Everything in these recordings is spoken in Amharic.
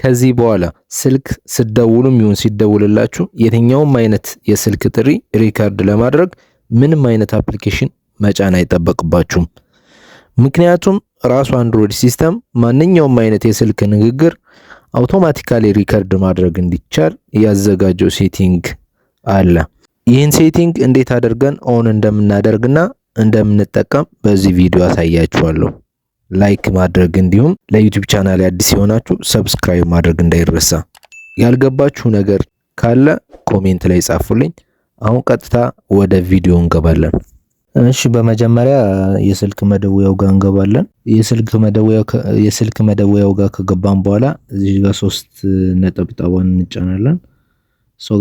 ከዚህ በኋላ ስልክ ስደውሉም ይሁን ሲደውልላችሁ የትኛውም አይነት የስልክ ጥሪ ሪካርድ ለማድረግ ምንም አይነት አፕሊኬሽን መጫን አይጠበቅባችሁም። ምክንያቱም ራሱ አንድሮይድ ሲስተም ማንኛውም አይነት የስልክ ንግግር አውቶማቲካሊ ሪከርድ ማድረግ እንዲቻል ያዘጋጀው ሴቲንግ አለ። ይህን ሴቲንግ እንዴት አድርገን ኦን እንደምናደርግና እንደምንጠቀም በዚህ ቪዲዮ አሳያችኋለሁ። ላይክ ማድረግ እንዲሁም ለዩቲዩብ ቻናል አዲስ የሆናችሁ ሰብስክራይብ ማድረግ እንዳይረሳ። ያልገባችሁ ነገር ካለ ኮሜንት ላይ ጻፉልኝ። አሁን ቀጥታ ወደ ቪዲዮ እንገባለን። እሺ በመጀመሪያ የስልክ መደወያው ጋር እንገባለን። የስልክ መደወያው የስልክ መደወያው ጋር ከገባን በኋላ እዚህ ጋር ሶስት ነጠብጣቧን እንጫናለን። ሰው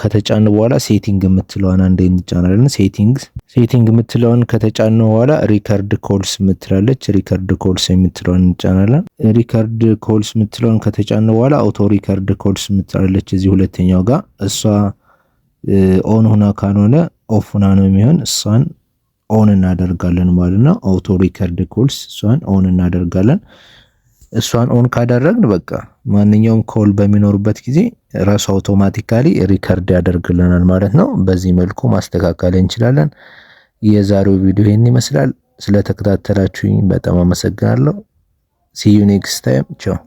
ከተጫን በኋላ ሴቲንግ የምትለዋን አንድ እንጫናለን። ሴቲንግ ሴቲንግ የምትለዋን ከተጫን በኋላ ሪከርድ ኮልስ የምትላለች ሪከርድ ኮልስ የምትለዋን እንጫናለን። ሪከርድ ኮልስ የምትለዋን ከተጫን በኋላ አውቶ ሪከርድ ኮልስ የምትላለች እዚህ ሁለተኛው ጋር እሷ ኦን ሁና ካልሆነ ኦፍ ሁና ነው የሚሆን። እሷን ኦን እናደርጋለን ማለት ነው። አውቶ ሪከርድ ኮልስ እሷን ኦን እናደርጋለን። እሷን ኦን ካደረግን በቃ ማንኛውም ኮል በሚኖርበት ጊዜ ራሱ አውቶማቲካሊ ሪከርድ ያደርግልናል ማለት ነው። በዚህ መልኩ ማስተካከል እንችላለን። የዛሬው ቪዲዮ ይህን ይመስላል። ስለተከታተላችሁኝ በጣም አመሰግናለሁ። ሲዩ ኔክስት ታይም ቻው።